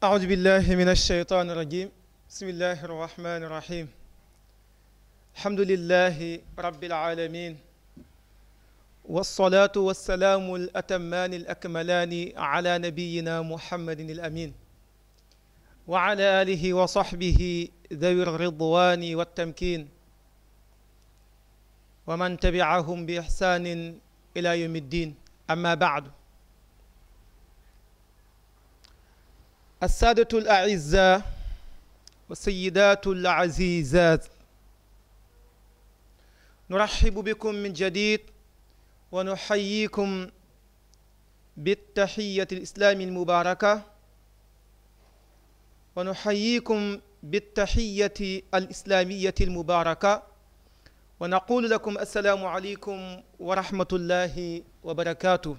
أعوذ بالله من الشيطان الرجيم بسم الله الرحمن الرحيم الحمد لله رب العالمين والصلاة والسلام الأتمان الأكملان على نبينا محمد الأمين وعلى آله وصحبه ذوي الرضوان والتمكين ومن تبعهم بإحسان إلى يوم الدين أما بعد assaadatu al aizza wa sayidatu al azizat nuraxibu bikum min jadid wa nuxayikum bittaxiyati al islaami al mubaaraka wa nuxayikum bittaxiyati al islaamiyati al mubaaraka wa naqulu lakum assalaamu aleykum wa rahmatullahi wa barakaatuh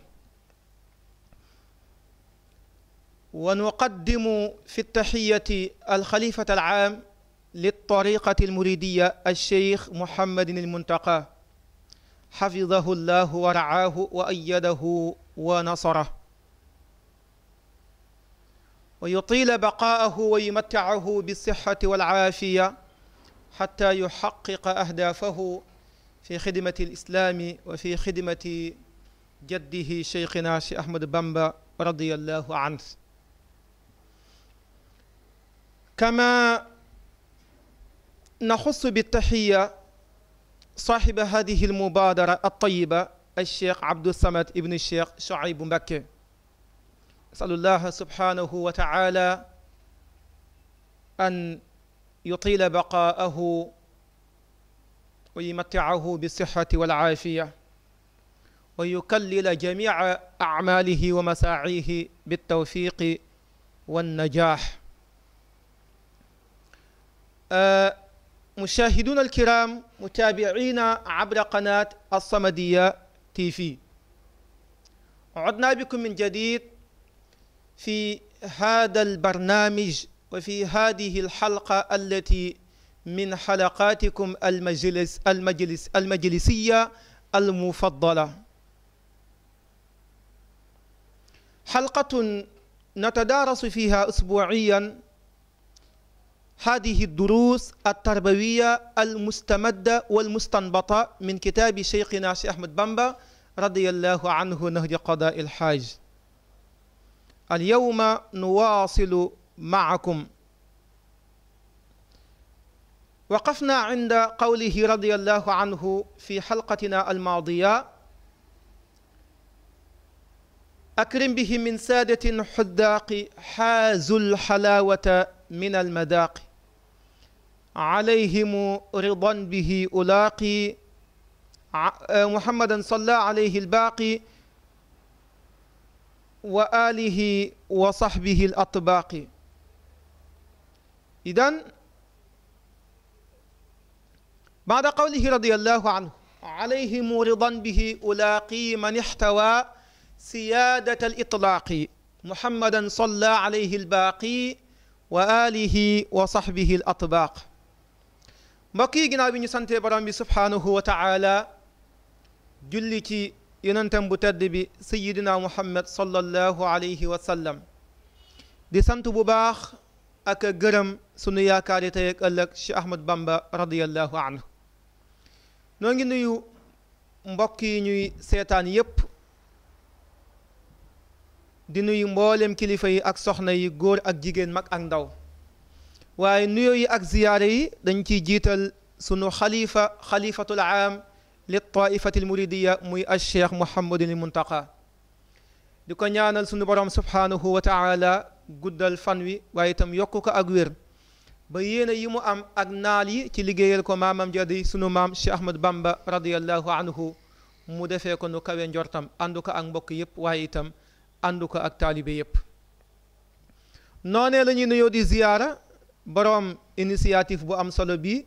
wa nuqaddimu fi taxiyati alxalifata alaam liltariqati almuridiya alcheikh mohammadin almuntaqa xafidahu llahu wa raahu wa ayadahu wa nasarah wa yutila baqaahu wa yumattacahu bilsixati walcaafiya xata yuxaqiqa ahdaafahu fi xidmati alislaami wa fi xidmati jaddihi cheikhina cheikh ahmad bamba radiallahu anhu كما نخص بالتحية صاحب هذه المبادرة الطيبة الشيخ عبد الصمد ابن الشيخ شعيب مكي أسأل الله سبحانه وتعالى أن يطيل بقاءه ويمتعه بالصحة والعافية ويكلل جميع أعماله ومساعيه بالتوفيق والنجاح مشاهدونا الكرام متابعينا عبر قناة الصمدية تي في عدنا بكم من جديد في هذا البرنامج وفي هذه الحلقة التي من حلقاتكم المجلس المجلس المجلسية المفضلة حلقة نتدارس فيها أسبوعياً هذه الدروس التربوية المستمدة والمستنبطة من كتاب شيخنا شيخ أحمد بامبا رضي الله عنه نهج قضاء الحاج اليوم نواصل معكم وقفنا عند قوله رضي الله عنه في حلقتنا الماضية أكرم به من سادة حداق حازوا الحلاوة من المذاق عليهم رضا به ألاقي محمدا صلى عليه الباقي وآله وصحبه الأطباق إذن بعد قوله رضي الله عنه عليهم رضا به ألاقي من احتوى سيادة الإطلاق محمدا صلى عليه الباقي وآله وصحبه الأطباق mbokk yi ginnaaw bi ñu santee borom bi subhaanahu wa taala julli ci yonentam bu tedd bi sayidina muhammad sallallahu alayhi wa sallam di sant bu baax ak a gërëm sunu yaakaar yi tey ak ëllëg Cheikh Ahmad Bamba radiallahu anhu noo ngi nuyu mbokk yi ñuy seetaan yépp di nuyu mboolem kilifa yi ak soxna yi góor ak jigéen mag ak ndaw waaye nuyo yi ak ziyaare yi dañ ci jiital sunu xalifa xalifatul aam li taifati l muridiya muy alcheikh Mouhamadul Muntaqa di ko ñaanal sunu borom subhaanahu wa guddal fan wi waaye itam yokku ko ak wér ba yéene yi mu am ak naal yi ci liggéeyal ko maamam jadi sunu maam Cheikh Ahmad Bamba radiallahu anhu mu defee ko nu kawe njortam ko ak mbokk yëpp waaye itam ànd ko ak taalibe yëpp noonee la ñuy di ziyaara boroom initiative bu am solo bi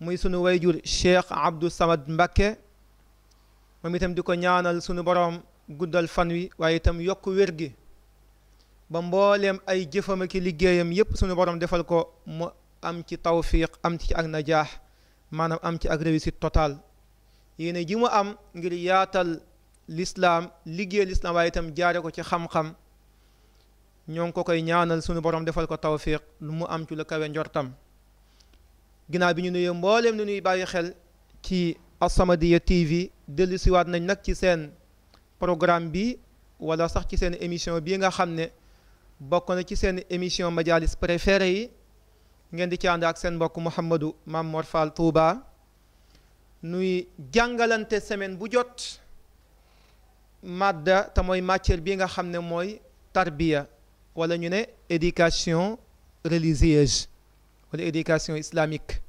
muy sunu way wayjur Cheikh Abdou Samad Mbakke moom itam di ko ñaanal sunu boroom guddal fan wi waaye itam yokk wér gi ba mbooleem ay jëfam ak liggéeyam yépp sunu boroom defal ko mu am ci tawfiq am ci ak najaax maanaam am ci ak réussite totale yéene ji mu am ngir yaatal lislaam liggéey lislaam waaye itam jaare ko ci xam-xam ñoo ngi ko koy ñaanal suñu borom defal ko tawfiq lu mu am ci lu kawe njortam ginaaw bi ñu nuyee mbooleem lu nuy bàyyi xel ci As-Samadiyya TV dellu siwaat nañ nag ci seen programme bi wala sax ci seen émission bi nga xam ne bokk na ci seen émission majalis préféré yi ngeen di ci ànd ak seen mbokk Mouhamadou Mame Mor Fall Touba nuy jàngalante semaine bu jot madda te mooy matière bi nga xam ne mooy tarbiya wala ñu ne éducation religieuse wala éducation islamique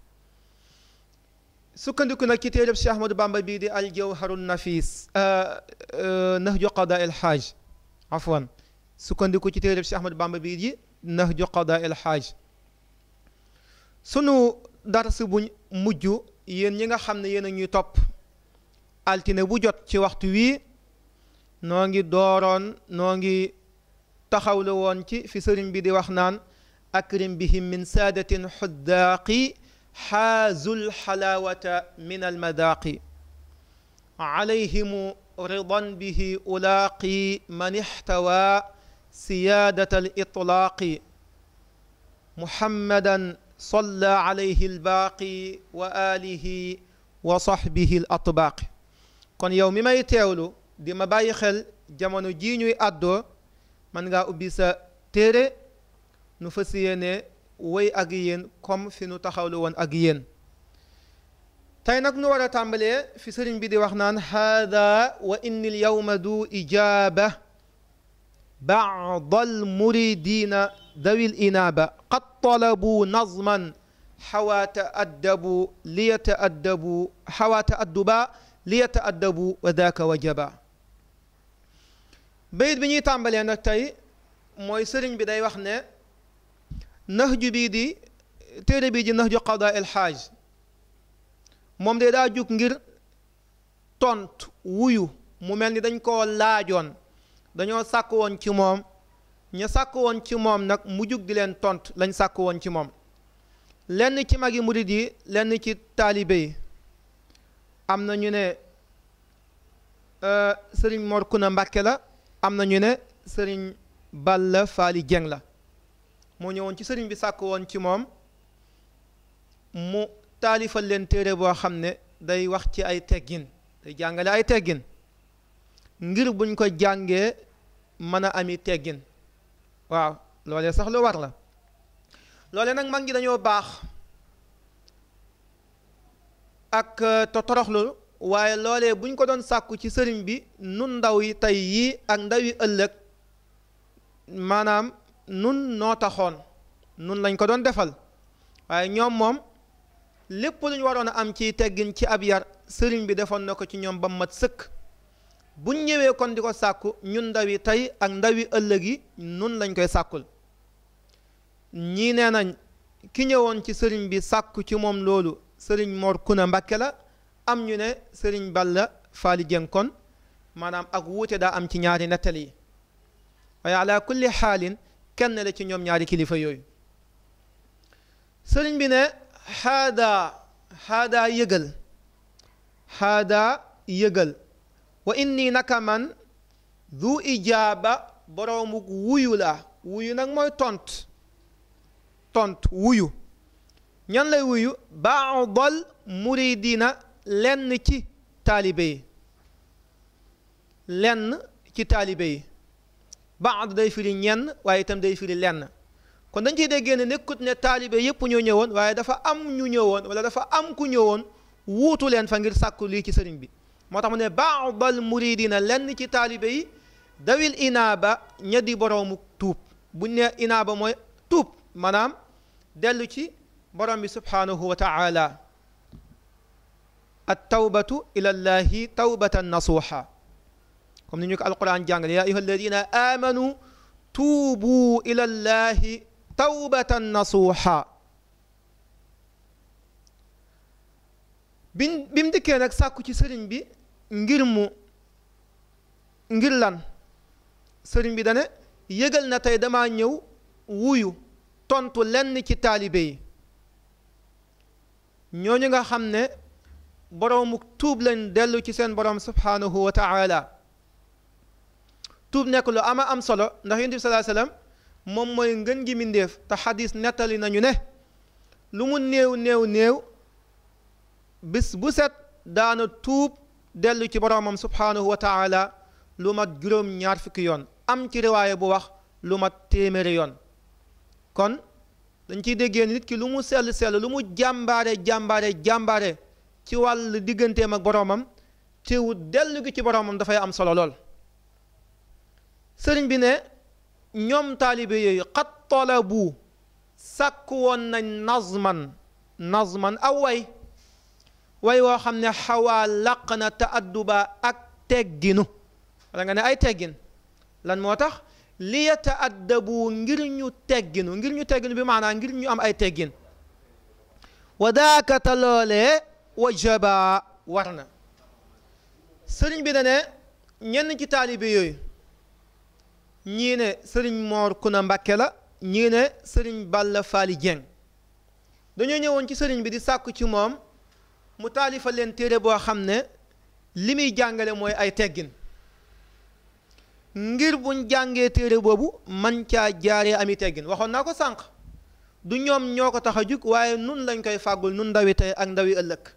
sukkandiku nag ci téereb Cheikh Ahmadou Bamba bii di aljawharu nafis euh, euh, nahju qadaa il haaj afwan sukkandiku ci téereb Cheikh Bamba bii di nahju qadaa il haaj sunu dars buñ mujj yéen ñi nga xam ne yéen a ñuy topp altine bu jot ci waxtu wii noo ngi dooroon noo ngi taxaw la woon ci fi sëriñ bi di wax naan akrim bihim min saadatin xuddaaqi xaazul xalaawata min almadaaqi alayhimu ridan bihi ulaaqi man ixtawaa siyaadata alitlaaqi muhammadan salla alayhi albaaqi wa aalihi wa saxbihi alatbaaqi kon yow mi may teewlu di ma bàyyi xel jamono jii ñuy àddoo man ngaa ubbi sa téere nu fas yéene woy ak yéen comme fi nu taxawlu woon ak yéen tey nag nu war a fi sëriñ bi di wax naan haada wa inni du ijaaba bacd al muridina dawi l inaaba qad talabuu nazman xawaa taaddabu li wa daaka wajaba bayit bi ñuy tàmbalee nag tey mooy sëriñ bi day wax ne nax ju bii di téere bii di nax ju qada el moom de daa jug ngir tont wuyu mu mel ni dañ koo laajoon dañoo sàkk woon ci moom ña sàkk woon ci moom nag mu jug di leen tontu lañ sàkk woon ci moom lenn ci magi murid yi lenn ci taalibe yi am na ñu ne euh, sëriñ Mor Kuna Mbàkke la am na ñu ne sëriñ Balla Faali Jeng la moo ñëwoon ci sëriñ bi sàkk woon ci moom mu taalifal leen téere boo xam ne day wax ci ay teggin day jàngale ay teggin ngir buñ ko jàngee mën a ami teggin waaw loole sax lu war la loole nag mag ñi dañoo baax ak euh, te toroxlu waaye loole bu ñu ko doon sàkku ci sëriñ bi nun ndaw yi tey yii ak ndawi ëllëg maanaam nun noo taxoon nun lañ ko doon defal waaye ñoom moom lépp lu ñu waroon a am ci teggin ci ab yar sëriñ bi defoon na ko ci ñoom ba mat sëkk buñ ñëwee kon di ko sàkku ñun ndaw yi tey ak ndaw yi ëllëg yi nun lañ koy sàkkul ñii nee nañ ki ñëwoon ci sëriñ bi sàkku ci moom loolu sëriñ Mor Kuna Mbàkke la am ñu ne sëriñ Balla Faali Jeng kon maanaam ak wuute daa am ci ñaari nettali yi waaye ala kulli xaalin kenn la ci ñoom ñaari kilifa yooyu sëriñ bi ne xaadaa xaadaa yëgal xaadaa yëgal wa inni naka man du ijaaba boroomuk wuyu laa wuyu nag mooy tont tont wuyu ñan lay wuyu baadal muridina lenn ci taalibe lenn ci taalibe yi baad day firi ñenn waaye itam day firi lenn kon dañ ciy déggee ne nekkut ne taalibe yépp ñoo ñëwoon waaye dafa am ñu ñëwoon wala dafa am ku ñëwoon wuutu leen fa ngir sàkku lii ci sëriñ bi moo tax mu ne baadal muridina lenn ci taalibe yi dawil inaaba ña di boroomu tuub buñ ne inaaba mooy tuub maanaam dellu ci borom bi subhaanahu wa taala at tawbatu ila llahi tawbatan nasuha comme ni ñu ko alquran jàngale yaa ayuha alladina amanu tuubu ila tawbatan nasuha biñ bi mu dikkee nag sàkku ci sëriñ bi ngir mu ngir lan sëriñ bi dane yëgal na tey dama ñëw wuyu tontu lenn ci taalibe ñoo ñooñu nga xam ne boroomu tuub lañ dellu ci seen boroom subhaanahu wa taala tuub nekk lu ama am solo ndax yonent bi salaa sallam moom mooy ngën gi mindeef te xadis nettali nañu ne lu mu néew néew néew bis bu set daana tuub dellu ci boroomam subhaanahu wa lu mat juróom ñaar fukki yoon am ci riwaaye bu wax lu mat téeméeri yoon kon dañ ciy déggee nit ki lu mu sell sell lu mu jàmbaare jàmbaare jàmbaare ci wàll digganteem ak boroomam teewut dellu gi ci boroomam dafay am solo lool sëriñ bi ne ñoom taalibe yooyu xat talabu sàkk woon nañ nazman nazman aw way way woo xam ne xawaa làq na taadduba ak tegginu wala nga ne ay teggin lan moo tax li yataaddabu ngir ñu tegginu ngir ñu tegginu bi maanaa ngir ñu am ay teggin wa daakata wajaba war na sëriñ bi da ñenn ci taalibe yooyu ñii ne sëriñ Moor Kuna Mbàkke la ñii ne sëriñ Balla Faali Jeng dañoo ñëwoon ci sëriñ bi di sàkku ci moom mu taalifal leen téere boo xam ne li muy jàngale mooy ay teggin ngir buñ jàngee téere boobu man caa jaaree ami teggin waxoon naa ko sànq du ñoom ñoo ko tax a jug waaye nun lañ koy fàggul nun ndawi tey ak ndawi ëllëg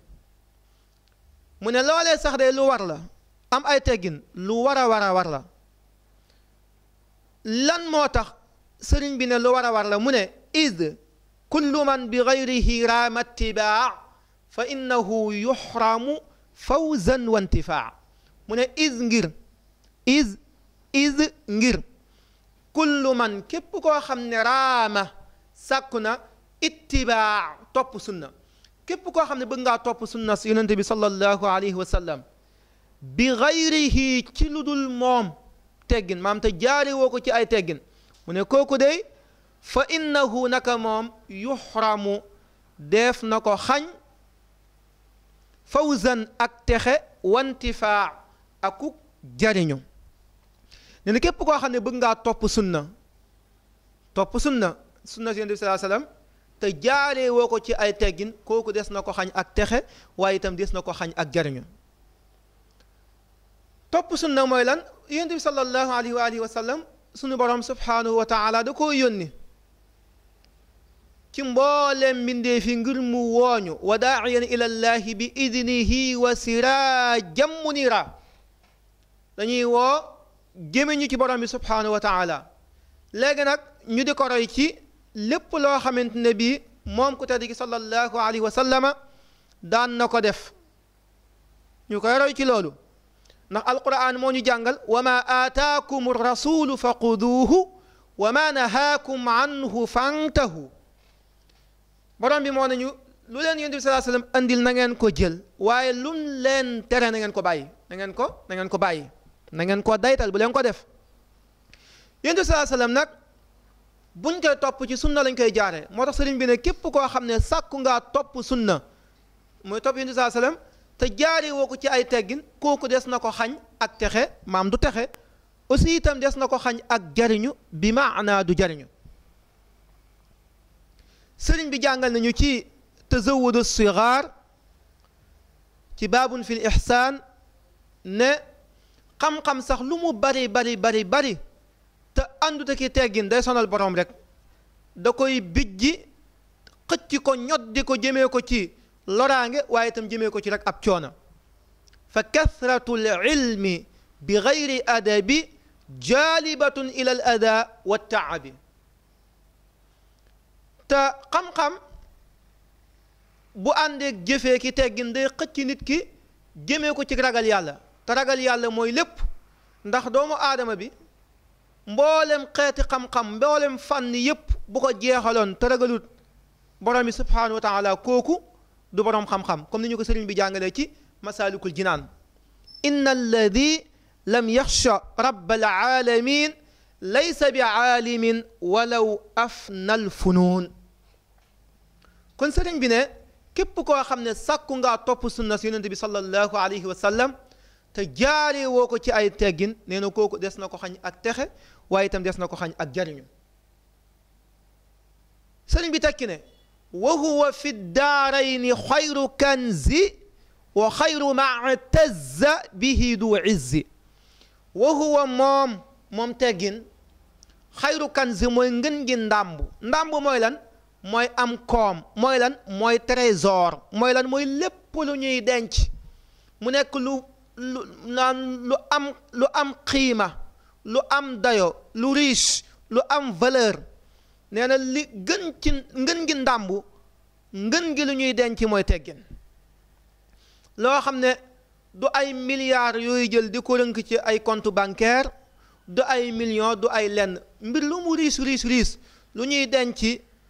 mu ne loolee sax de lu war la am ay teggin lu war a war a war la lan moo tax sëriñ bi ne lu war a war la mu ne id kullu man bi gayrihi raama tibaa fa innahu yuxramu fawzan wa intifaa mu ne is ngir is is ngir kullu man képp koo xam ne raama sàkku na ittibaa topp sunna képp koo xam ne bëgg ngaa topp sunna si yonente bi sallallahu alayhi wa sallam bi gayrihi ci lu dul moom teggin maam te jaari woo ko ci ay teggin mu ne kooku dey fa innahu naka moom yuxramu def na ko xañ fawzan ak texe wantifaa akuk jariñu ne na képp koo xam ne bëgg ngaa topp sunna topp sunna sunna si yonente bi sallallahu alayhi wa sallam te jaaree woo ko ci ay teggin kooku des na ko xañ ak texe waaye itam des na ko xañ ak jariñu topp na mooy lan yonent bi sallallahu alayhi wa alihi wa sallam sunu borom subhaanahu wa da koo yónni ci mbooleem mbindee fi ngir mu wooñu wa daaiyan ila llahi bi idnihi wa siraajam munira dañuy woo gémmiñu ci borom bi subhaanahu wa taala nag ñu di ko ci lépp loo xamante ne bii moom ku tedd gi sallallahu alayhi wa sallama daan na ko def ñu koy roy ci loolu ndax alquran moo ñu jàngal wa ma aataakum rasulu fa quduuhu wa ma nahaakum anhu fantahu borom bi moo ne ñu lu leen yonent bi salaa sallam andil na ngeen ko jël waaye lu leen tere na ngeen ko bàyyi na ko na ko bàyyi na ko daytal bu leen ko def yonent bi salaa sallam nag buñ koy topp ci sunna lañ koy jaaree moo tax sëriñ bi ne képp koo xam ne sàkku ngaa topp sunna mooy topp yonent bi saa salaam te jaaree woo ko ci ay teggin kooku des na ko xañ ak texe maam du texe aussi itam des na ko xañ ak jariñu bi maanaa du jariñu sëriñ bi jàngal nañu ci tazawudu sigaar ci baabun fil ihsaan ne xam-xam sax lu mu bari bari bari bari te àndut ak teggin day sonal boroom rek da koy bijji xëcc ko ñoddi ko jëmee ko ci loraange waaye tam jëmee ko ci rek ab coono fa kasratul bi gayri adabi jaalibatun ila al ada wa taabi te xam-xam bu àndeeg jëfee ki teggin day xëcc nit ki jëme ko ci ragal yàlla te ragal yàlla mooy lépp ndax doomu aadama bi mboolem xeeti xam-xam mboolem fànn yépp bu ko jeexaloon te ragalut borom bi subhaanahu wa taala kooku du borom xam-xam comme ni ñu ko sëriñ bi jàngalee ci masaalikul jinaan inna alladi lam yaxsha rabbal alamin laysa bi aalimin walaw afna al funuun kon sëriñ bi ne képp koo xam ne sàkku ngaa topp sunna si yonente bi sallallahu alayhi wa sallam te jaaree woo ko ci ay teggin nee na kooku des na ko xañ ak texe waaye itam des na ko xañ ak jariñu sëriñ bi tekki ne wa huwa fi daarayni xayru kanzi wa xayru matazza bihi du izzi wa huwa moom moom teggin xayru kanzi mooy ngën gi ndàmb ndàmb mooy lan mooy am koom mooy moy mooy trésor mooy lan mooy lépp lu ñuy denc mu nekk lu lu naan lu am lu am xiima lu am dayo lu riche lu am valeur nee na li gën ci ngën gi ndàmbu ngën gi lu ñuy denc mooy teggin loo xam ne du ay milliards yooyu jël di ko rënk ci ay compte bancaire du ay million du ay lenn mbir lu mu riis riis lu ñuy denc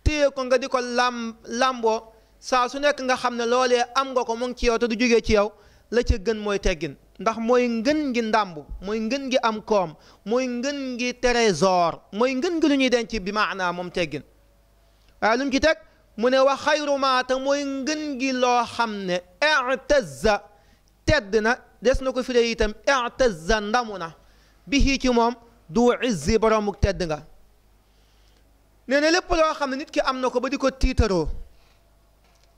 téye ko nga di ko làmb làmboo saa su nekk nga xam ne loolee am nga ko mu ci yow te du jógee ci yow la ca gën mooy teggin ndax mooy ngën gi ndàmb mooy ngën gi am koom mooy ngën gi trésor mooy ngën gi lu ñuy denc bi maanaa moom teggin waaye lu ci teg mu ne wa xayru maa te mooy ngën ngi loo xam ne i'tazza tedd na des na ko firee itam i'tazza ndamu na bihi ci moom du izzi boromuk tedd nga nee ne lépp loo xam ne nit ki am na ko ba di ko tiitaroo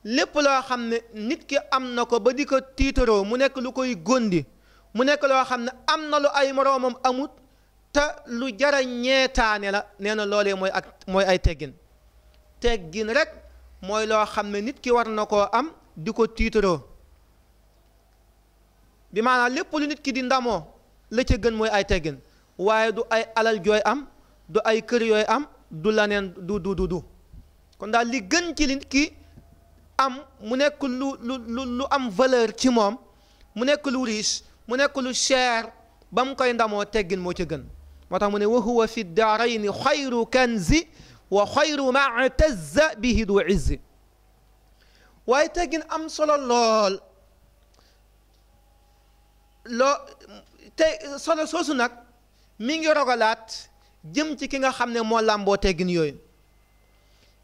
lépp loo xam ne nit ki am na ko ba di ko tiitaroo mu nekk lu koy góndi mu nekk loo xam ne am na lu ay moroomam amut te lu jara ñeetaane la nee na loolee mooy ak mooy ay teggin teggin rek mooy loo xam ne nit ki war na koo am di ko tiitaroo bi maanaa lépp lu nit ki di ndamoo la ca gën mooy ay teggin waaye du ay alal jooy am du ay kër yooy am du la neen du du du kon daal li gën ci nit ki am mu nekk lu lu am valeur ci moom mu nekk lu riche mu nekk lu cher ba koy ndamoo teggin moo ci gën moo tax mu ne wa huwa fi daarayni xayru kanzi wa xayru matazza bihi du izzi waaye teggin am solo lool loo te solo soosu nag mi ngi rogalaat jëm ci ki nga xam ne moo làmboo teggin yooyu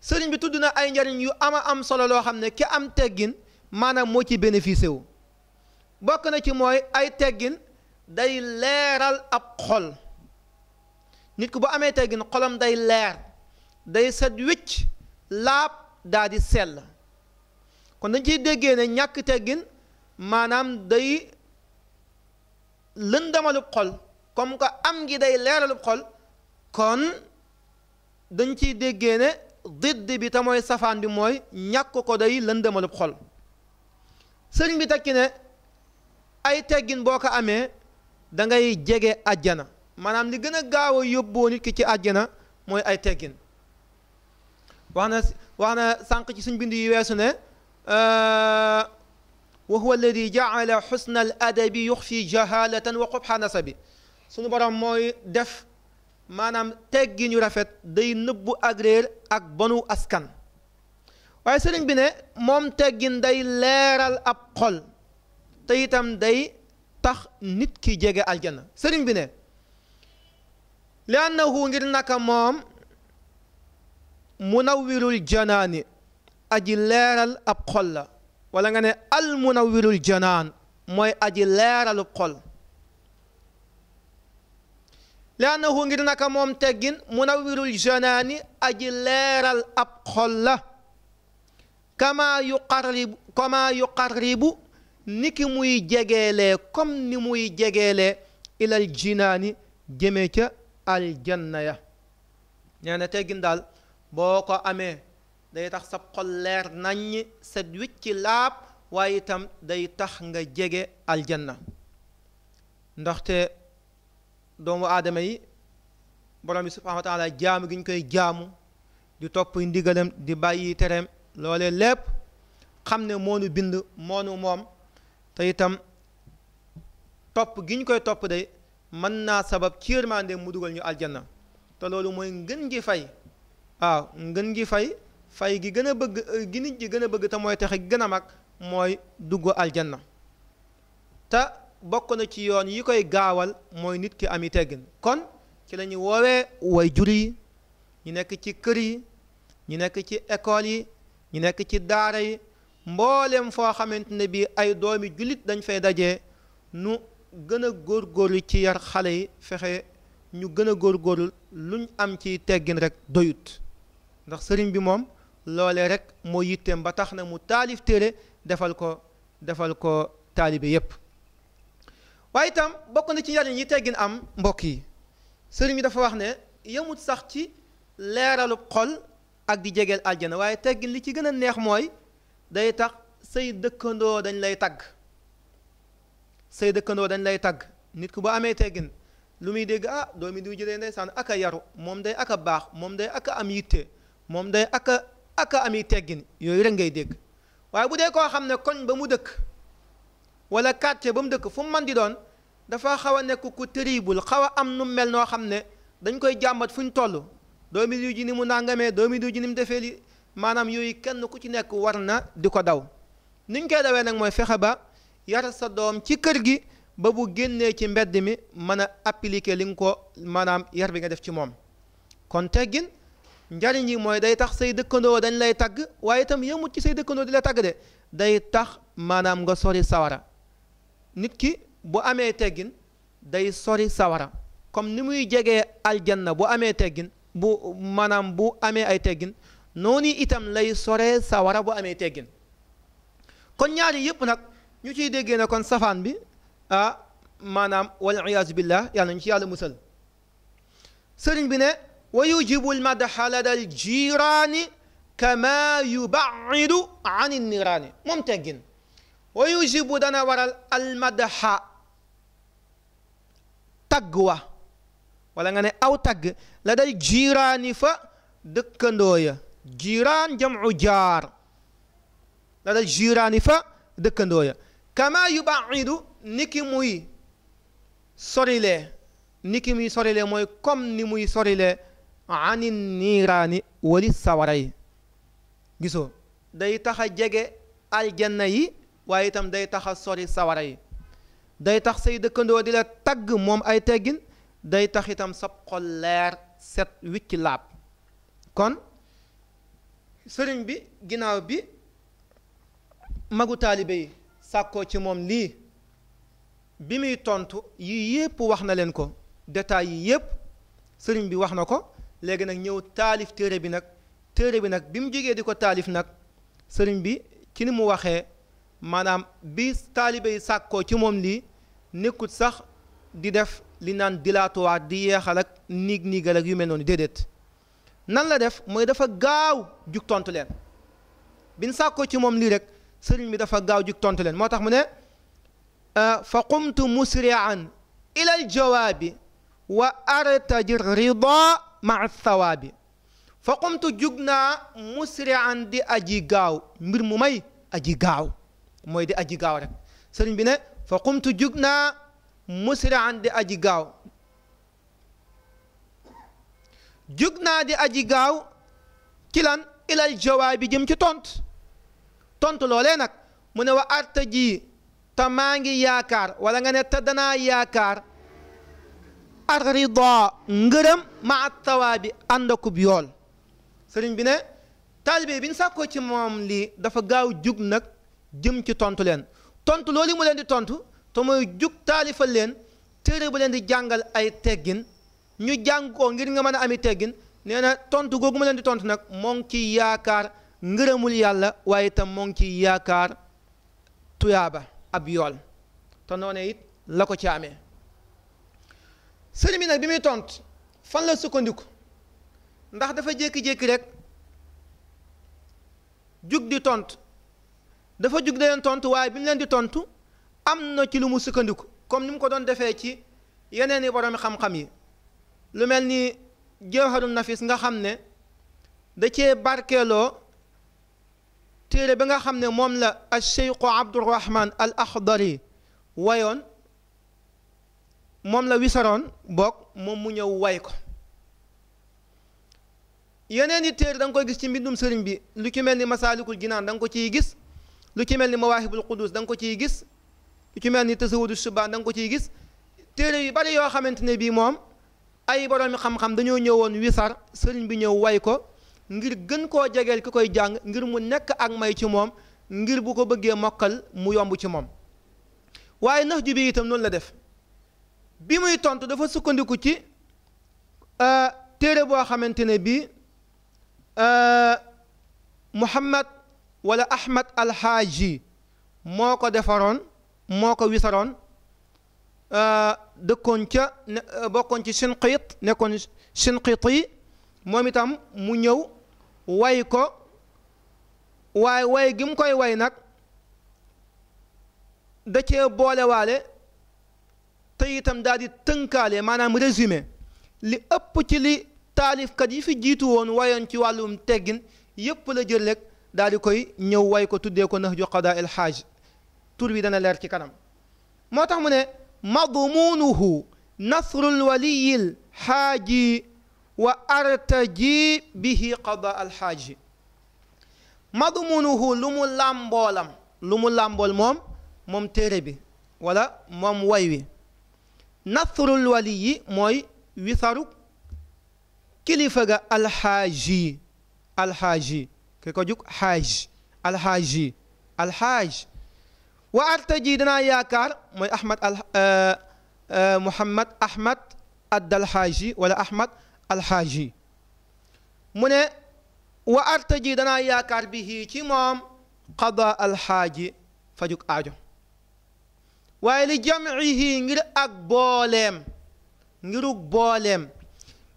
sëriñ bi tudd na ay njariñ yu ama am solo loo xam ne ki am teggin maanaam moo ci bénéficié wu bokk na ci mooy ay teggin day leeral ab xol nit ku bu amee teggin xolam day leer day set wicc laab daa di sell kon dañ ciy déggee ne ñàkk teggin maanaam day lëndamalub xol comme que am gi day leeralub xol kon dañ ciy déggee ne didd bi te safaan bi mooy ñàkk ko day lëndëmalub xol sëriñ bi tekki ne ay teggin boo ko amee dangay jege àjjana maanaam li gën a gaaw a yóbboo nit ki ci àjjana mooy ay teggin wax na wax na sànq ci suñ bind yi weesu ne wa huwa alladi suñu borom mooy def maanaam teggi ñu rafet day nëbbu ak réer ak bonu askan waaye sëriñ bi ne moom teggin day leeral ab xol te itam day tax nit ki jege aljana sëriñ bi ne li annahu ngir naka moom mu munawwirul janaani aji leeral ab xol la wala nga ne al munawwirul janaan mooy aji leeralub xol liannahu ngir naka moom teggin munawwirul janaani aji leeral ab xol la kama yuqarribu kama ni ki muy jegeelee comme ni muy jegeelee ilal jinaani jëme ca aljanna ya nee na teggin daal boo ko amee day tax sab xol leer naññ set wicci laab waaye itam day tax nga jege aljanna ndaxte doomu aadama yi borom bi subhaanahu wa jaamu gi ñu koy jaamu di topp ndigalam di bàyyi tereem loole lépp xam ne moonu bind moonu moom te itam topp gi ñu koy topp de mën naa sabab ci yërmande mu dugal ñu aljanna te loolu mooy ngën gi fay waaw ngën gi fay fay gi gën a bëgg gi nit gi gën a bëgg te mooy texe gi gën a mag mooy dugg aljanna te bokk na ci yoon yi koy gaawal mooy nit ki am ami teggin kon ci lañuy ñu woowee way jur yi ñu nekk ci kër yi ñu nekk ci école yi ñu nekk ci daara yi mbooleem foo xamante ne bii ay doomi jullit dañ fay daje nu gën a góorgóorlu ci yar xale yi fexe ñu gën a góorul luñ am ci teggin rek doyut ndax sëriñ bi moom loolee rek mooy yitteem ba tax na mu taalif téere defal ko defal ko taalibe yépp waaye itam bokk na ci njariñ yi teggin am mbokk yi sëriñ bi dafa wax ne yemut sax ci leeralub xol ak di jegeel àjjana waaye teggin li ci gën a neex mooy day tax say dëkkandoo dañ lay tagg say dëkkandoo dañ lay tagg nit ku ba amee teggin lu muy dégg ah doomi diw jëlee ndeysaan ak yaru moom day ak a baax moom day ak am yitte moom day ak a ak a ami teggin yooyu rek ngay dégg waaye bu dee koo xam ne koñ ba mu dëkk walla quartier ba mu dëkk fu mu mën di doon dafa xaw a nekk ku terrible xaw a am nu mel noo xam ne dañ koy jàmbat fu ñu toll doomi diw ji ni mu nangamee doomi diw ji ni mu defee li maanaam yooyu kenn ku ci nekk war na di ko daw ni koy dawee nag mooy fexe ba yar sa doom ci kër gi ba bu génnee ci mbedd mi mën a appliquer li nga ko maanaam yar bi nga def ci moom kon teggin njariñ yi mooy day tax say dëkkandoo dañ lay tagg waaye itam yëmut ci say dëkkandoo di la tagg de day tax maanaam nga sori sawara nit ki bu amee teggin day sori sawara comme ni muy jegee aljanna bu amee teggin bu maanaam bu amee ay teggin noonu itam lay sore sawara bu amee teggin kon ñaari yëpp nag ñu ciy déggee kon safaan bi a ah, maanaam wal iyaazu billah yàlla ñu ci yàlla musal sëriñ bi ne wa yujibu lmadaxa lada al jiraani kama yubaidu an niraani moom teggin wa yujibu dana waral almadaxa tagg wa wala nga ne aw tagg la day jiiraani fa dëkkandoo ya jiiraan jamcu jaar la day jiiraani fa dëkkandoo ya kama yubacidu niki muy sorilee niki muy sorilee mooy comme ni muy sorilee ani niiraani wali sawara yi gisoo day taxa a jege aljanna yi waaye itam day taxa a sori sawara yi day tax say dëkkandoo di la tagg moom ay teggin day tax itam sab xol leer set wicci laab kon sëriñ bi ginnaaw bi magu taalibe sàkkoo ci moom lii bi muy tontu yii yépp wax na leen ko détails yi yépp sëriñ bi wax na ko léegi nag ñëw taalif téere bi nag téere bi nag bi mu jógee di ko taalif nag sëriñ bi ci ni mu waxee maanaam bi taalibe yi sàkkoo ci moom lii nekkut sax di def li naan dilaatuwaat di yeexal ak niig niigal ak yu mel noonu déedéet nan la def mooy dafa gaaw jug tontu leen bin sàkkoo ci moom lii rek sëriñ mi dafa gaaw jug tontu leen moo tax mu ne ah, fa qumtu musri'an ila al jawaabi wa artaji rida maa thawaabi fa qumtu jug naa musri'an di aji gaaw mbir mu may aji gaaw mooy di aji gaaw rek sëriñ bi ne fa qumtu jug naa musiraan di aji gaaw jug naa di aji gaaw ci lan ilal jawaab bi jëm ci tont tont loolee nag mu ne wa arta ji ta maa ngi yaakaar wala nga ne te danaa yaakaar arrida ngërëm ma tawaa bi ànd akub yool sëriñ bi ne taalibe bi ñu ci moom lii dafa gaaw jug nag jëm ci tontu leen tontu loolu mu leen di tontu te mooy jug taalifal leen téere bu leen di jàngal ay teggin ñu jàng ko ngir nga mën a ami teggin nee na tontu googu mu leen di tontu nag moo ngi ci yaakaar ngërëmul yàlla waaye itam moo ngi ci yaakaar tuyaaba ab yool te noonee it la ko ci amee sëriñ bi nag bi muy tontu fan la sukkandiku ndax dafa jékki-jékki rek jug di tontu. dafa jug da leen tontu waaye bi mu leen di tontu am na ci lu mu sukkandiku comme ni mu ko doon defee ci yeneen i boroomi xam-xam yi lu mel ni jawharu nafis nga xam ne da cee barkeeloo téere bi nga xam ne moom la al cheikhu abdurahman al axdari wayoon moom la wisaroon boog moom mu ñëw way ko yeneen i téere da koy gis ci mbindum sëriñ bi lu ci mel ni masaalikul jinaan da nga ko ciy gis lu ci mel ni mawaahibul qudus da nga ko ciy gis lu ci mel ni tasawudu subaan da nga ko ciy gis téere yu bari yoo xamante ne bii moom ay boroomi xam-xam dañoo ñëwoon wisar sëriñ bi ñëw way ko ngir gën koo jegeel ki koy jàng ngir mu nekk ak may ci moom ngir bu ko bëggee mokkal mu yomb ci moom waaye nax ju itam noonu la def bi muy tontu dafa sukkandiku ci euh, téere boo xamante ne bii euh, Muhammad wala ahmad alxaaji moo ko defaroon moo ko wisaroon euh, dëkkoon ca euh, bokkoon ci sinqiit nekkoon sinqiit moom itam mu ñëw way ko waaye way gi koy way nag da cee boolewaale te itam daal di tënkaale maanaam résumé li ëpp ci li taalifkat yi fi jiitu woon wayoon ci wàllum teggin yépp la jël rek daal di koy ñëw way ko tuddee ko nahju qadaa il xaaj bi dana leer ci kanam moo tax mu ne madmuunuhu nasrul waliyil xaaji wa artaji bihi qada alxaaji madmunuhu lu mu làmboolam lu làmbool moom moom téere bi wala moom way wi nasrul waliyi mooy wisaru kilifa ga alxaaji alxaaji ki ko jug xaaj alxaaj yi alxaaj wa artaji danaa yaakaar mooy ahmad al eh, eh, muhammad ahmad addalxaaj yi wala ahmad alxaaj yi mu ne wa artaji danaa yaakaar bi ci moom qada alxaaji fajug aajo waaye li jamcihi ngir ak booleem ngirug booleem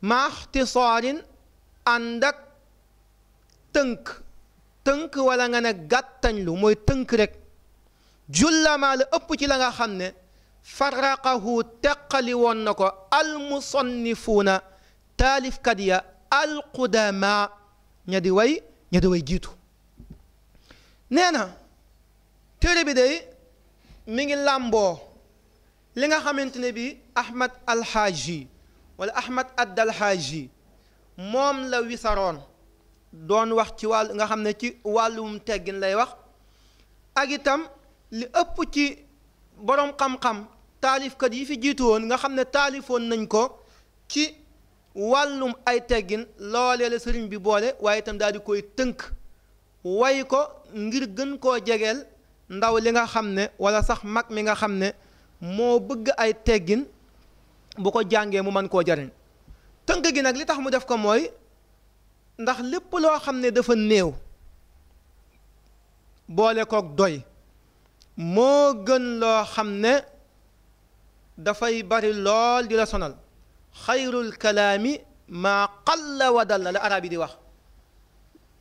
ma ixtisaarin ànd ak tënk tënk wala nga ne gàttañ lu mooy tënk rek jullamaa la ëpp ci la nga xam ne faraqahu teqali woon na ko almusannifuuna taalifkat ya alqudama ña way ña way jiitu nee na téere bi day mi ngi làmboo li nga xamante ne bi ahmad alxaaji wala ahmad addalxaaji moom la wisaroon doon wax ci wàll nga xam ne ci wàllum teggin lay wax ak itam li ëpp ci boroom xam-xam taalifkat yi fi jiitu woon nga xam ne taalifoon nañ ko ci wàllum ay teggin loolee sëriñ bi boole waaye itam daal di koy tënk way ko ngir gën koo jegeel ndaw li nga xam ne walla sax mag mi nga xam ne moo bëgg ay teggin bu ko jàngee mu mën koo jariñ tënk gi nag li tax mu def ko mooy ndax lépp loo xam ne dafa néew boole kook doy moo gën loo xam ne dafay bari lool di la sonal xayrul kalaami ma qalla la dalla la arab yi di wax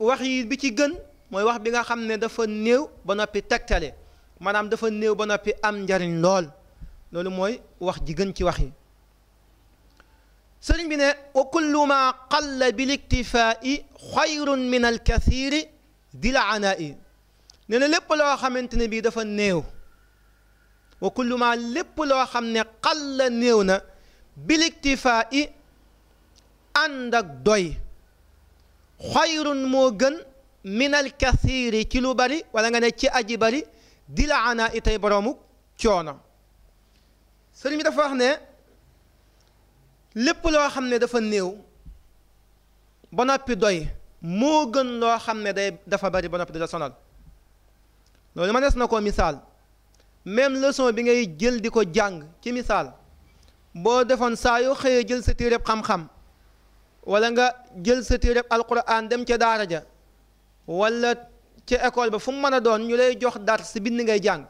wax yi bi ci gën mooy wax bi nga xam ne dafa néew ba noppi tegtale maanaam dafa néew ba noppi am njariñ lool loolu mooy wax ji gën ci wax yi sëriñ bi ne wa kullu maa qalla bil iktifaai min alkathiri di la anaai nee na lépp loo xamante ne bii dafa néew wa kullu maa lépp loo xam ne qalla néew na bil iktifaai ak doy xayrun moo gën min alkathiri ci lu bari wala nga ne ci aji bari di la anaai tey boroomu coono sëriñ dafa wax ne lépp loo xam ne dafa néew ba noppi doy moo gën loo xam ne day dafa bari ba noppi di la sonal loolu mënees na ko misaal même leçon bi ngay jël di ko jàng ci misaal boo defoon saa yoo xëyee jël sa téereb xam-xam wala nga jël sa téereb alquran dem ca daara ja walla ca école ba fu mu mën a doon ñu lay jox dar si bind ngay jàng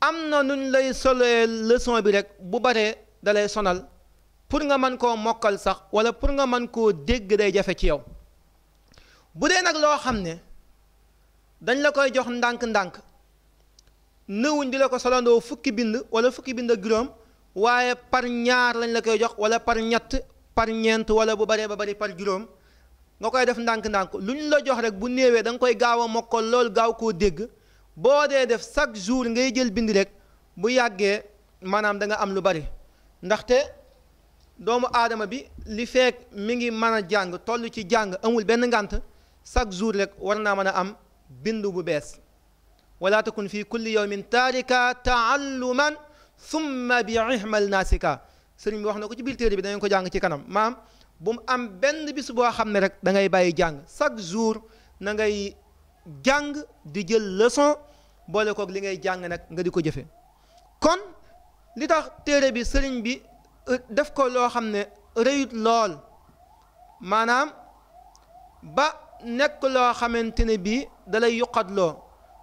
am na nuñ lay solee leçon bi rek bu baree dalay sonal pour nga mën koo mokkal sax wala pour nga mën koo dégg day jafe ci yow bu dee nag loo xam ne dañ la koy jox ndànk-ndànk nëwuñ di la ko solandoo fukki bind wala fukki bind ak juróom waaye par ñaar lañ la koy jox wala par ñett par ñeent wala bu baree ba bari par juróom nga koy def ndànk-ndànk lu ñu la jox rek bu néewee danga koy gaaw a mokkal lool gaaw koo dégg boo dee def chaque jour ngay jël bind rek bu yàggee maanaam danga am lu bari ndaxte doomu aadama bi li fek mi ngi mën a jàng toll ci jàng amul benn ngànt chaque jour rek war naa mën a am bind bu bees wala takun fi kulli yawmin taarika taalluman summa bi ihmal naasika sëriñ bi wax na ko ci biir téere bi danañ ko jàng ci kanam maam bu mu am benn bis boo xam ne rek dangay ngay bàyyi jàng chaque jour na ngay jàng di jël leson boole koog li ngay jàng nag nga di ko jefe kon li tax téere bi sëriñ bi Euh, def ko loo xam ne rëyut lool maanaam ba nekk loo xamante ne bii dalay yuqat loo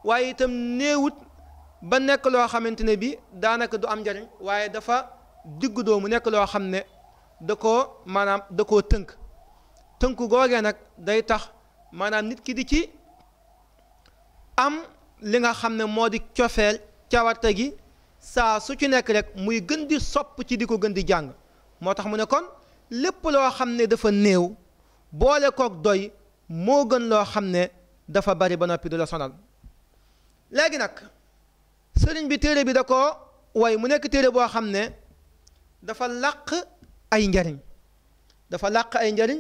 waaye itam néewut ba nekk loo xamante ne bii daanaka du am njariñ waaye dafa diggu mu nekk loo xam ne da koo maanaam da koo tënk tënk googee nag day tax maanaam nit ki di ci am li nga xam ne moo di cofeel cawarte gi saa su ci nekk rek muy gën di sopp ci di ko gën di jàng moo tax mu ne lépp loo xam ne dafa néew boole kook doy moo gën loo xam ne dafa bari ba noppi du la sonal léegi nag sëriñ bi téere bi da ko way mu nekk téere boo xam ne dafa làq ay njariñ dafa làq ay njariñ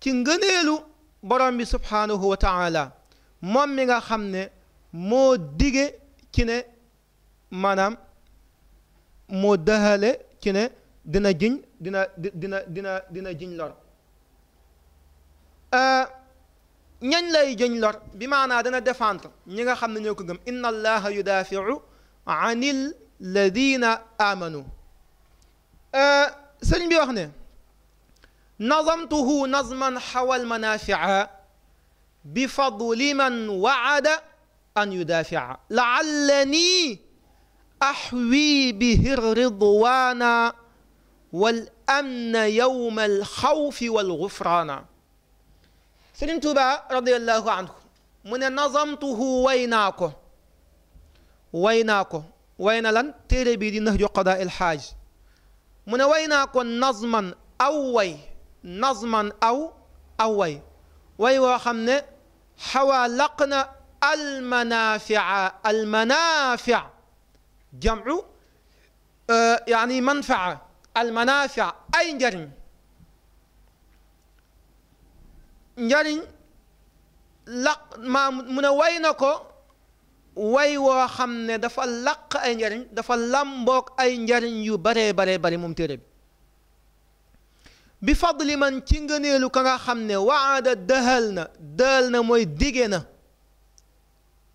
ci ngëneelu borom bi subhaanahu wa taala moom mi nga xam ne moo dige ci ne maanaam moo dëhale ci ne dina jiñ dina dina dina dina jiñ lor euh, ñañ lay jiñ lor bi maanaa dana défendre ñi nga xam ne ñoo ko gëm inna allaha yudaafiu anil ladina amanu euh, sëriñ bi wax ne nazamtuhu nazman xawal manafia bi fadli man waada an yudafia laallani أحوي به الرضوان والأمن يوم الخوف والغفران Sëriñ Tuuba radiyallahu anhu mu ne nazamtuhu way naa ko way naa ko way na lan téere bii di Nahju Qadaa il Haaj mu ne way naa ko nazman aw way nazman aw aw way way woo xam ne xawaalaq na almanafia almanafia jamcu yaani manfaa almanafia ay njariñ njariñ laq maa mu ne way na ko way woo xam ne dafa laq ay njariñ dafa làmboog ay njariñ yu baree baree bari moom téere bi bi li man ci ngëneelu ka nga xam ne waada dëhal na dëhal na mooy dige na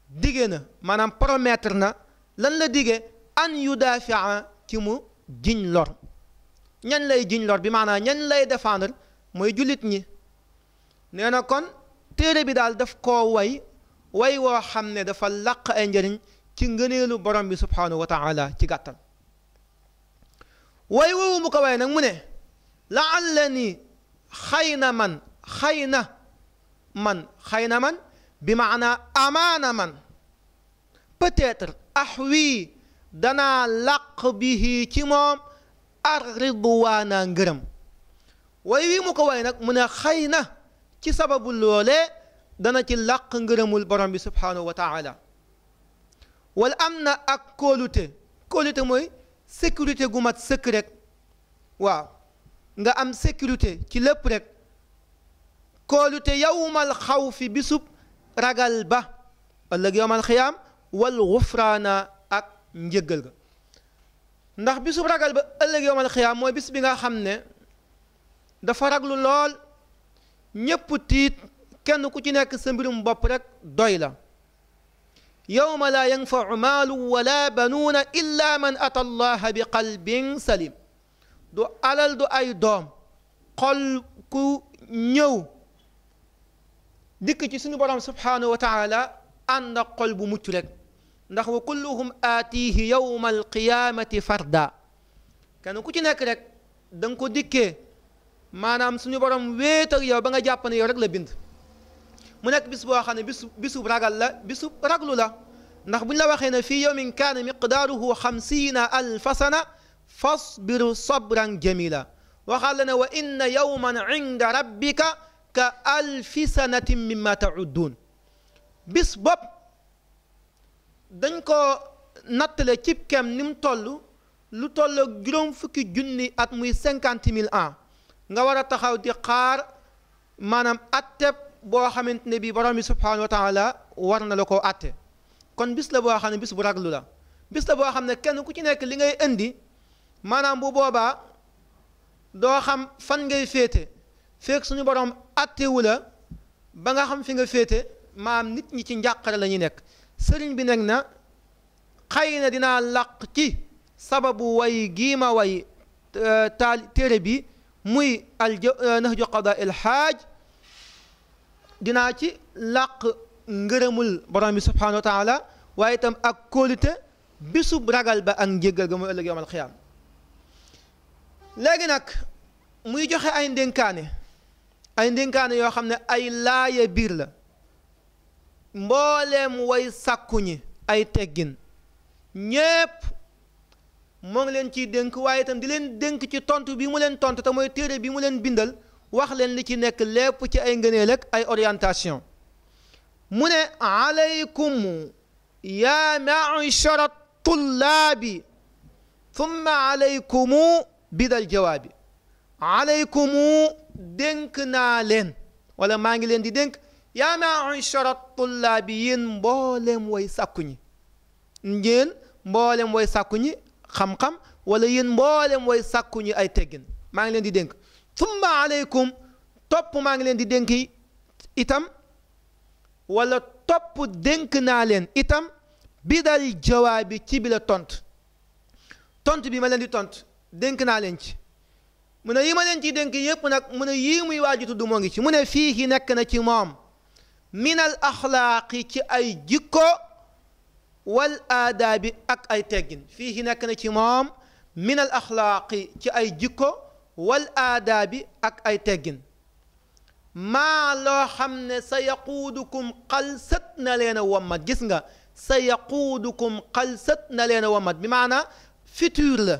dige na maanaam promettre na lan la digee an yudafia ci mu jiñ lor ñan lay jiñ lor bi maanaam ñan lay défendre mooy jullit ñi nee na kon téere bi daal daf koo way way woo xam ne dafa làq ay njëriñ ci ngëneelu borom bi subhaanahu wa ci gàttal way woowu mu ko way nag mu ne laallani xay na man xay na man xay na man bi ma amaana man peut ahwi danaa làq bihi ci moom ar ridwaana ngërëm way wii mu ko way nag mu ne xëy na ci sababu loolee dana ci làq ngërëmul borom bi subhaanahu wa taala wala am na ak kóolute kóolute mooy sécurité gu mat sëkk rek waaw nga am sécurité ci lépp rek kóolute yawmal bi bisub ragal ba ëllëg yawmal xiyaam wal xufraana ak njëggal ga ndax bisu ragal ba ëllëg yowmal xiyaam mooy bis bi nga xam ne dafa raglu lool ñépp tiit kenn ku ci nekk sa mbirum bopp rek doy la yowma laa yanfacu maalu wala banuuna illa man ata allaha bi qalbin salim du alal du ay doom xol ku ñëw dikk ci suñu borom subhaanahu wa ànd ak xol bu mucc rek ndax wa kulluhum aatihi yowma alqiyaamati farda kenn ku ci nekk rek da nga ko dikkee maanaam suñu borom wéetal yow ba nga jàpp ne yow la bind mu nekk bis boo xam ne bisu bisub ragal la bisub raglu la ndax bu la waxee ne fii yowmin kaana miqdaaruhu xamsiina alfa sana fasbiru sabran jamila waxaal la ne wa inna yowman inda rabbika ka alfi sanatin mimma taudduun bis bopp dañ ko nattale cib kem ni mu toll lu toll juróom fukki junni at muy cinquante mille ans nga war a taxaw di xaar maanaam atteb boo xamante ne bii borom bi subhaanahu wa taala war na la ko atte kon bis la boo xam ne bis bu raglu la bis la boo xam ne kenn ku ci nekk li ngay indi maanaam bu boobaa doo xam fan ngay féete feek suñu borom attewu la ba nga xam fi nga féete maam nit ñi ci njàqare la ñuy nekk sëriñ bi nag na xëy na dinaa làq ci sababu way gii way euh, taal téere bi muy alja euh, nahju qadaa il xaaj dinaa ci làq ngërëmul borom bi subhaanahu wa taala waaye itam ak kóolute bisub ragal ba ak njéggal ga muy ëllëg yowmal xiyaam léegi nag muy joxe ay ndénkaane ay ndénkaane yoo xam ne ay laaya biir la mbooleem way sàkku ñi ay teggin ñépp moo ngi leen ciy dénk waaye itam di leen dénk ci tontu bi mu leen tontu te mooy téere bi mu leen bindal wax leen li ci nekk lépp ci ay ngëneel lekk ay orientation mu ne alaykum yaa ma'shara tullaabi thumma alaykumu bidal jawaabi alaykumu dénk naa leen wala maa ngi leen di dénk yaa ma'ashara tullaabi yéen mbooleem way sàkku ñi mboolem mbooleem way sàkku ñi wala yéen mbooleem way sàkku ay teggin maa ngi leen di dénk summa aleykum topp maa ngi leen di dénk itam wala topp dénk naa leen itam bidal jawaabi ci bi la tont tont bi ma leen di tont denk naa leen ci mu ne yi ma leen ci denk yépp nag mu ne yii muy waaju tudd moo ngi ci mu ne fii nekk na ci moom min al axlaaqi ci ay jikko wal aadaabi ak ay teggin fii nekk na ci moom min al axlaaqi ci ay jikko wal aadaabi ak ay teggin maa loo xam ne sa yaquudukum xalsat na leen wommat gis nga sa yaquudukum xalsat na leen a wommat bi maanaa futur la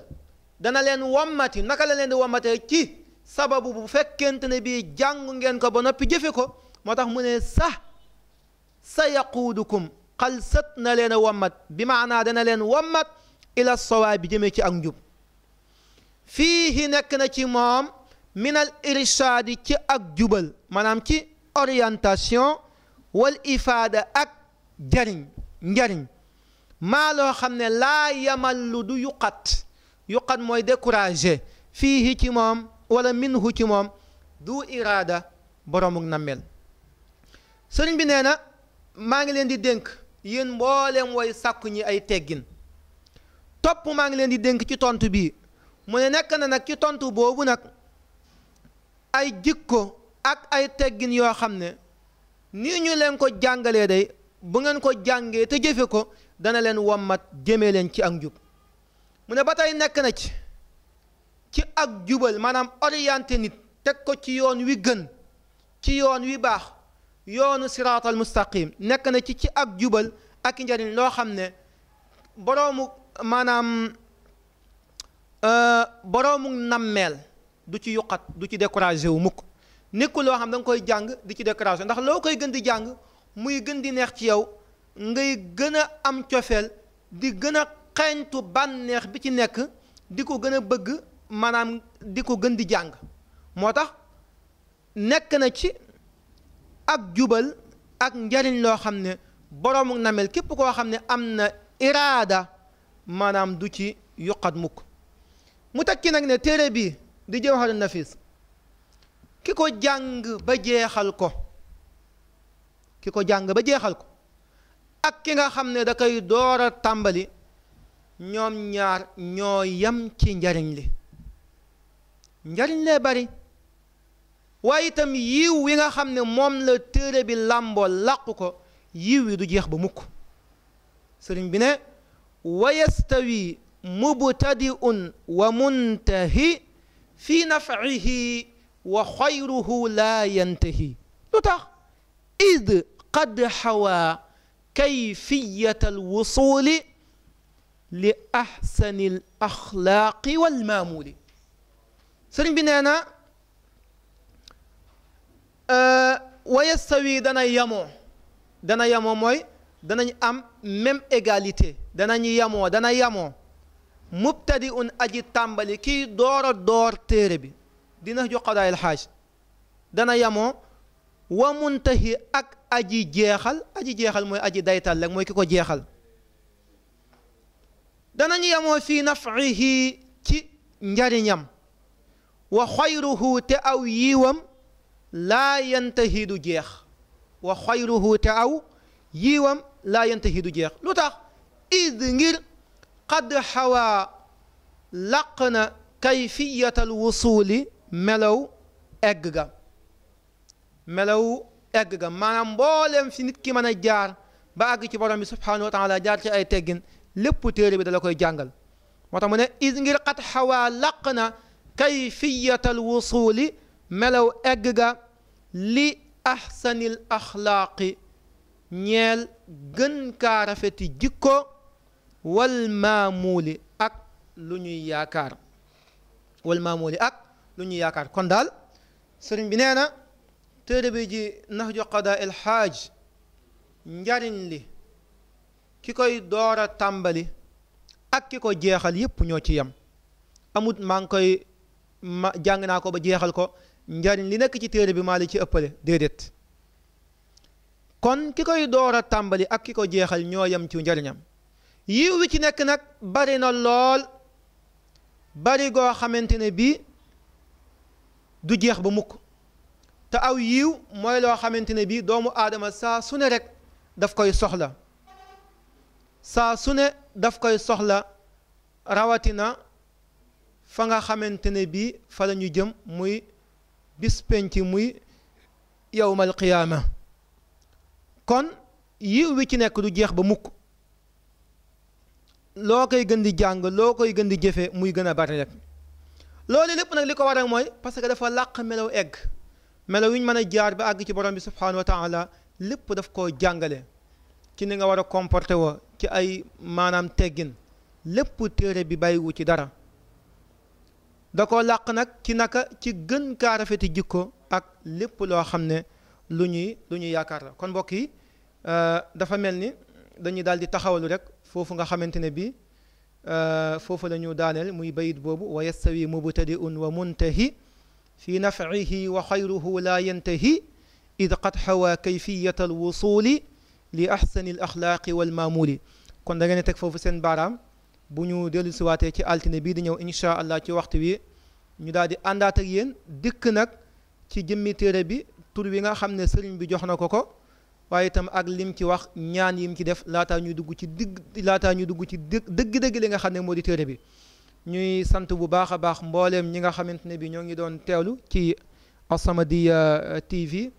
dana leen wommati naka la leen di wommatee ci sababu bu fekkente ne bii jàng ngeen ko ba noppi jëfe ko moo tax mu ne sax sa yaquudukum xalsat na leen a wammat bi maanaa dana leen wammat ila sawaa bi jëmee ci ak njub fiihi nekk na ci moom minal irshaadi ci ak jubal maanaam ci orientation wal ifaada ak jariñ njariñ maa loo xam ne laa yamallu du yuqat yuqat mooy découragé fiihi ci moom wala minhu ci moom du iraada boromuk nammeel sëriñ bi nee na maa ngi leen di dénk yéen mbooleem woy sàkku ñi ay teggin topp maa ngi leen di dénk ci tontu bii mu ne nekk na nag ci tontu boobu nag ay jikko ak ay teggin yoo xam ne nii ñu leen ko jàngale day bu ngeen ko jàngee te jëfe ko dana leen wommat jëmee leen ci ak njub mu ne ba tey nekk na ci ci ak jubal maanaam orienté nit teg ko ci yoon wi gën ci yoon wi baax yoonu siraatal mustaqim nekk na ci ci ak jubal ak njariñ loo xam ne boroomu maanaam euh, boroomu nammeel du ci yuqat du ci découragé wu mukk nekkul loo xam da nga koy jàng di ci découragé ndax loo koy gën di jàng muy gën di neex ci yow ngay gën a am cofeel di gën a xeeñtu bànneex bi ci nekk di ko gën a bëgg maanaam di ko gën di jàng moo tax nekk na ci ak jubal ak njariñ loo xam ne boroomu namel képp koo xam ne am na iraada maanaam du ci yuqat mukk mu tekki nag ne téere bi di jawharu nafis ki ko jàng ba jeexal ko ki ko jàng ba jeexal ko ak ki nga xam ne da koy door a tàmbali ñoom ñaar ñoo yam ci njariñ li njariñ lee bari waaye itam yiw wi nga xam ne moom la téere bi làmboo làqu ko yiw wi du jeex ba mukk sëriñ bi ne wa yastawi mubtadi'un wa muntahi fi naf'ihi wa xayruhu laa yantahi lu tax id qad xawaa kayfiyat alwusuli li axsani alaxlaaqi walmaamuuli sëriñ bi nee na Euh, wa yastawi dana yamoo dana yamoo mooy danañ am même égalité danañu yamoo dana yamoo mubtadi un aji tàmbali kii door door téere bi dina ju qadaayil xaaj dana yamoo wa muntahi ak aji jeexal aji jeexal mooy aji daytal rek mooy ki ko jeexal danañ yamoo fii nafcihi ci njariñam wa xayruhu te aw yiiwam la laa yantahi du jeex wa xayruhu te aw yiiwam laa yantahi du jeex lu tax id ngir qad xawaa làq na kayfiyatal wusuuli melaw egg ga melaw egg ga maanaam mboolem fi nit ki mën a jaar ba àgg ci borom bi subhaanahu wa jaar ci ay teggin lépp téere bi dala koy jàngal moo tax mu ne id ngir qad xawaa melow egg ga li ahsanil axlaaqi ñeel gën kaa rafeti jikko wal maamuuli ak lu ñuy yaakaar wal maamuuli ak lu ñuy yaakaar kon daal sëriñ bi nee na téere bi ji Nahju Qadaa il Haaj njariñ li ki koy doora tàmbali ak ki ko jeexal yépp ñoo ci yam amut maa ngi koy ma jàng naa ko ba jeexal ko njariñ li nekk ci téere bi maa la ci ëppale déedéet kon ki koy door a tàmbali ak ki ko jeexal ñoo yem ci njariñam yiw wi ci nekk nag bari na lool bari goo xamante ne bii du jeex ba mukk te aw yiw mooy loo xamante ne bii doomu aadama saa su ne rek daf koy soxla saa su ne daf koy soxla rawatina fa nga xamante ne bii fa la jëm muy bis penc muy yowmal qiyaama kon yiw wi ci nekk du jeex ba mukk loo koy gën di jàng loo koy gën di jëfe muy gën a bari rek loolu lépp nag li ko waral mooy parce que dafa làq melaw egg melaw yu mën a jaar ba àgg ci borom bi subhaanahu wa taala lépp daf koo jàngale ci ni nga war a comporté woo ci ay maanaam teggin lépp téere bi bàyyiwu ci dara da koo làq nag ci naka ci gën kaa rafeti jikko ak lépp loo xam ne lu ñuy lu ñuy yaakaar la kon mbokk yi euh, dafa mel ni dañuy daal di taxawalu rek foofu nga xamante ne bii euh, foofu la ñu daaneel muy bayit boobu wa yastawi mubtadi'un wa muntahi fi naf'ihi wa xayruhu la yantahi id qad hawa kayfiyata alwusuli li ahsani al axlaaqi walmaamuuli kon da ngeen teg foofu seen baaraam bu ñu dellu siwaatee ci altine bii di ñëw incha allah ci waxtu wi ñu daal di àndaat ak yéen dikk nag ci jëmmi téere bi tur wi nga xam ne sëriñ bi jox na ko ko waaye itam ak lim ci wax ñaan yim ci def laataa ñuy dugg ci digg laataa ñuy dugg ci dëgg dëgg li nga xam ne moo di téere bi ñuy sant bu baax a baax mbooleem ñi nga xamante ne bi ñoo ngi doon teelu ci As-Samadiyya TV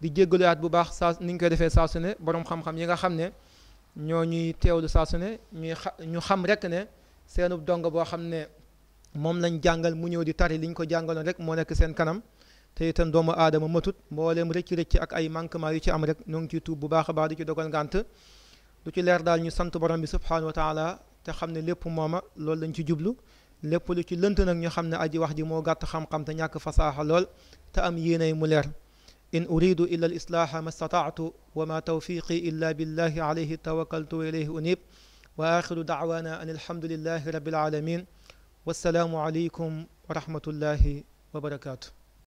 di jéggalaat bu baax saa ni ñu koy defee saasu ne borom xam-xam yi nga xam ne ñoo ñuy teewlu saa su ne ñuy xa ñu xam rek ne seenu dongo boo xam ne moom lañ jàngal mu ñëw di tari li ñu ko jàngaloon rek moo nekk seen kanam te itam doomu aadama matut mbooleem rëcc-rëcc ak ay manquement yu ci am rek ñoo ngi ciy tuub bu baax baax di ci dogal ngànt lu ci leer daal ñu sant borom bi subhaanahu wa taala te xam ne lépp mooma loolu lañ ci jublu lépp lu ci lënt nag ñu xam ne aji wax ji moo gàtt xam-xam te ñàkk fasaaxa lool te am yéenay mu leer إن أريد إلا الإصلاح ما استطعت وما توفيقي إلا بالله عليه توكلت وإليه أنيب وآخر دعوانا أن الحمد لله رب العالمين والسلام عليكم ورحمة الله وبركاته